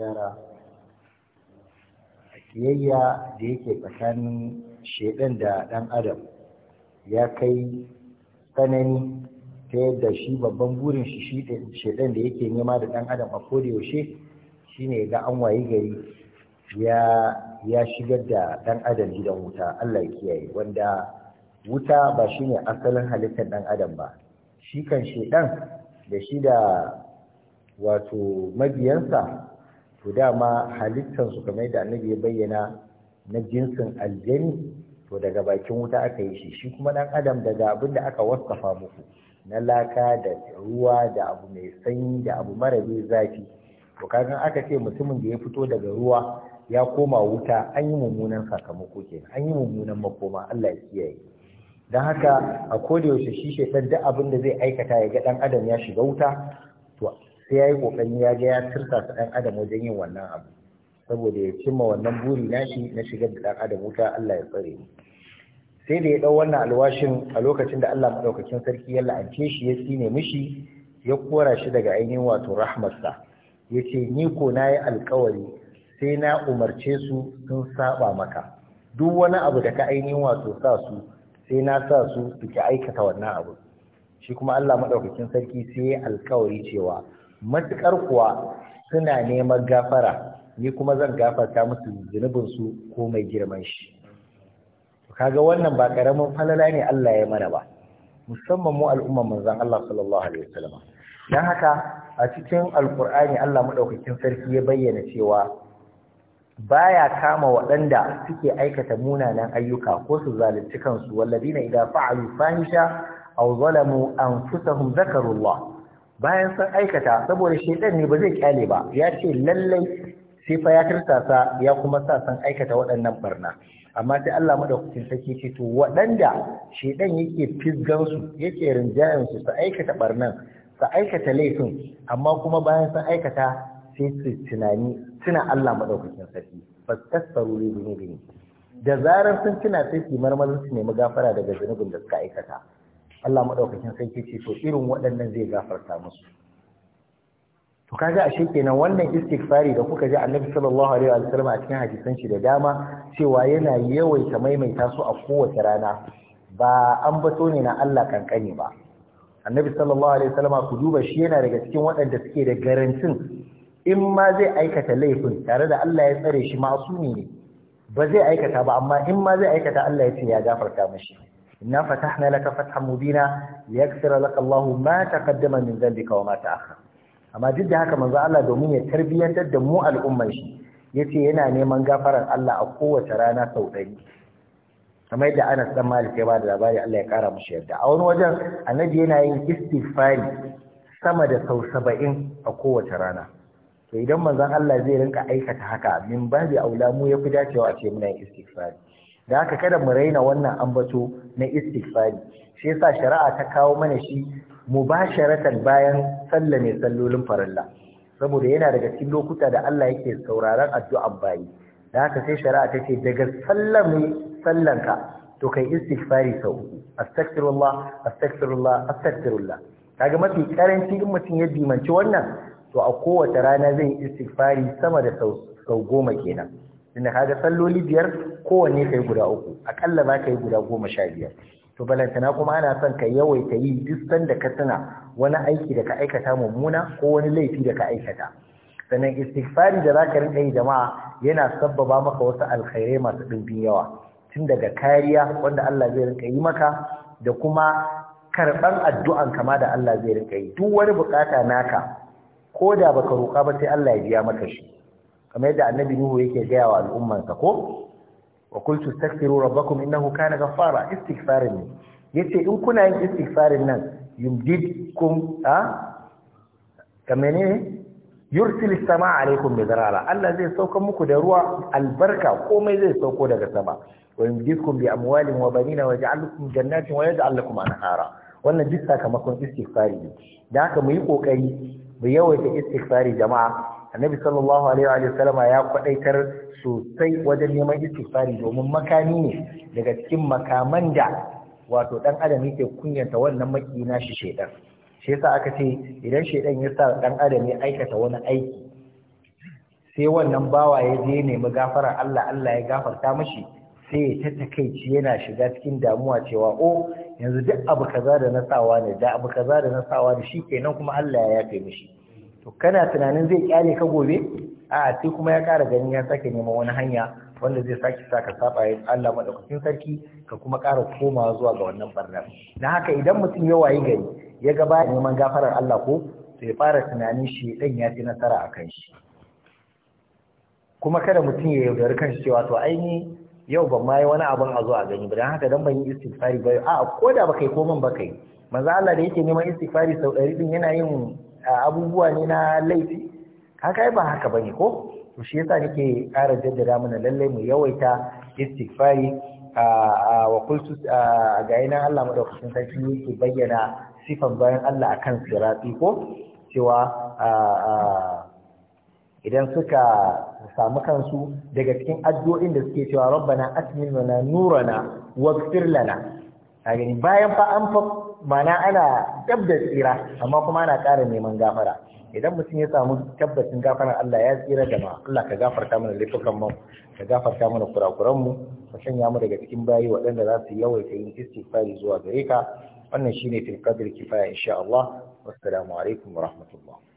gyara kiyayya da yake tsakanin shaidan da ɗan adam ya kai tsanani ta yadda shi babban burin shi shaidan da yake nema da ɗan adam a kodayaushe shine ga an wayi gari ya shigar da ɗan adam gidan wuta Allah ya kiyaye wanda wuta ba shine asalin halittar ɗan adam ba shi kan shaidan da shi da wato mabiyansa to dama halittansu kamar da annabi ya bayyana na jinsin aljani to daga bakin wuta aka yi shi shi kuma dan adam daga abin da aka wasafa muku na laka da ruwa da abu mai sanyi da abu mara bai zafi to kaga aka ce mutumin da ya fito daga ruwa ya koma wuta an yi mummunan sakamako kenan an yi mummunan makoma Allah ya kiyaye don haka a koda yaushe shi shaitan duk abin da zai aikata ya ga dan adam ya shiga wuta sai ya yi ƙoƙari ya ga ya turta su ɗan adam wajen yin wannan abu saboda ya cimma wannan buri nashi na shigar da ɗan adam wuta Allah ya tsare ni sai da ya ɗau wannan alwashin a lokacin da Allah maɗaukakin sarki ya la'ance shi ya tsine mishi ya kora shi daga ainihin wato rahmarsa ya ce ni ko na yi alkawari sai na umarce su sun saba maka duk wani abu da ka ainihin wato sa su sai na sa su su ki aikata wannan abu shi kuma Allah maɗaukakin sarki sai ya yi alkawari cewa matuƙar kuwa suna neman gafara ni kuma zan gafarta musu zunubinsu ko mai girman shi kaga wannan ba ƙaramin falala ne Allah ya mana ba musamman mu al'umman manzon Allah sallallahu alaihi wasallam dan haka a cikin alqur'ani Allah madaukakin sarki ya bayyana cewa baya kama waɗanda suke aikata munanan ayyuka ko su zalunci kansu walladina idza fa'alu fahisha aw zalamu anfusahum zakarullah bayan sun aikata saboda shaidan ne ba zai kyale ba ya ce lallai sai fa ya tirsasa ya kuma sa san aikata waɗannan barna amma sai Allah madaukakin sarki ce to waɗanda shaidan yake fisgan su yake rinjayen su su aikata barnan su aikata laifin amma kuma bayan sun aikata sai su tunani tuna Allah madaukakin sarki tasaru li dunubihim da zarar sun tuna sai su marmarin su nemi gafara daga zunubin da suka aikata Allah madaukakin sarki ce to irin waɗannan zai gafarta musu to kaga ashe kenan wannan istighfari da kuka ji Annabi sallallahu alaihi wasallam a cikin hadisan da dama cewa yana yawaita maimaita su a kowace rana ba an bato ne na Allah kankani ba Annabi sallallahu alaihi wasallam ku duba shi yana daga cikin waɗanda suke da garantin in ma zai aikata laifin tare da Allah ya tsare shi masumi ne ba zai aikata ba amma in ma zai aikata Allah ya ce ya gafarta mishi إنا فتحنا لك فتحا مبينا ليغفر لك الله ما تقدم من ذنبك mata تأخر amma duk da haka manzo Allah domin ya tarbiyyantar da mu al'ummar shi yace yana neman gafarar Allah a kowace rana sau ɗari kamar yadda Anas dan Malik ya bada labari Allah ya kara mushi yarda a wani wajen annabi yana yin istighfari sama da sau saba'in a kowace rana to idan manzon Allah zai rinka aikata haka min babi aula mu yafi dacewa a ce muna yin istighfari da haka kada mu raina wannan ambato na istighfari shi yasa shari'a ta kawo mana shi mubasharatan bayan ne sallolin faralla. saboda yana daga cikin lokuta da Allah yake sauraron addu'ar bayi da haka sai shari'a ta ce daga sallame sallanka to kai istighfari sau uku astaghfirullah astaghfirullah astaghfirullah kaga mafi karanci in mutum ya dimanci wannan to a kowace rana zai istighfari sama da sau goma kenan inda kaga salloli biyar kowanne kai guda uku akalla za ka yi guda goma sha biyar to balantana kuma ana son ka yawaita yi duk sanda ka tuna wani aiki da ka aikata mummuna ko wani laifi da ka aikata sannan istighfari da za ka rinka yi jama'a yana sabbaba maka wasu alkhairai masu ɗimbin yawa tun daga kariya wanda Allah zai rinka yi maka da kuma karɓar addu'an kama da Allah zai rinka yi duk wani bukata naka ko da baka roƙa ba sai Allah ya biya maka shi kamar yadda annabi nuhu yake gaya wa al'ummansa ko wa qultu astaghfiru rabbakum innahu kana ghaffara istighfarin ne yace in kuna yin istighfarin nan yumdidkum a kamar ne yursil samaa alaikum bidarara Allah zai sauka muku da ruwa albarka komai zai sauko daga sama wa yumdidkum bi amwalin wa banina wa yaj'alukum jannatin wa yaj'alukum anhara wannan duk sakamakon istighfari ne da haka mu yi kokari mu yawaita istighfari jama'a annabi sallallahu alaihi wa sallama ya kwadaitar sosai wajen neman istighfari domin makami ne daga cikin makaman da wato dan adam yake kunyanta wannan makina shi shedan shi yasa aka ce idan shedan ya sa dan adam ya aikata wani aiki sai wannan bawa ya je nemi gafara Allah Allah ya gafarta mashi sai ya ta takaici yana shiga cikin damuwa cewa o oh, yanzu duk abu kaza da na sawa ne da abu kaza da na sawa ne shikenan kuma Allah ya yafe mishi to kana tunanin zai kyale ka gobe a sai kuma ya kara gani ya sake neman wani hanya wanda zai sake sa ka saba ya Allah madaukakin sarki ka kuma kara koma zuwa ga wannan barnar na haka idan mutum ya wayi gari ya gaba neman gafarar Allah ko to fara tunanin shi dan ya ci nasara a kan shi kuma kada mutum ya yaudari kan shi cewa to aini yau ban ma wani abin a zo a gani ba dan haka dan ban yi istighfari ba a ko da baka yi komai baka yi manzo Allah da yake neman istighfari sau ɗari din yana yin abubuwa ne na laifi kaga ba haka ba ne, ko to shi yasa nake ƙara jaddada mana lallai mu yawaita istighfari wa qultu ga ina Allah madaukakin sarki yake bayyana sifan bayan Allah akan sirati ko cewa idan suka samu kansu daga cikin addu'o'in da suke cewa rabbana atmin lana nurana waghfir lana a gani bayan fa an fa mana ana tabbata tsira amma kuma ana ƙara neman gafara idan mutum ya samu tabbacin gafaran Allah ya tsira da ma Allah ka gafarta mana laifukan mu ka gafarta mana kurakuran mu ka sanya mu daga cikin bayi waɗanda za su yawaita yin istighfar zuwa gare ka wannan shine tilkadir kifaya insha Allah wassalamu alaikum wa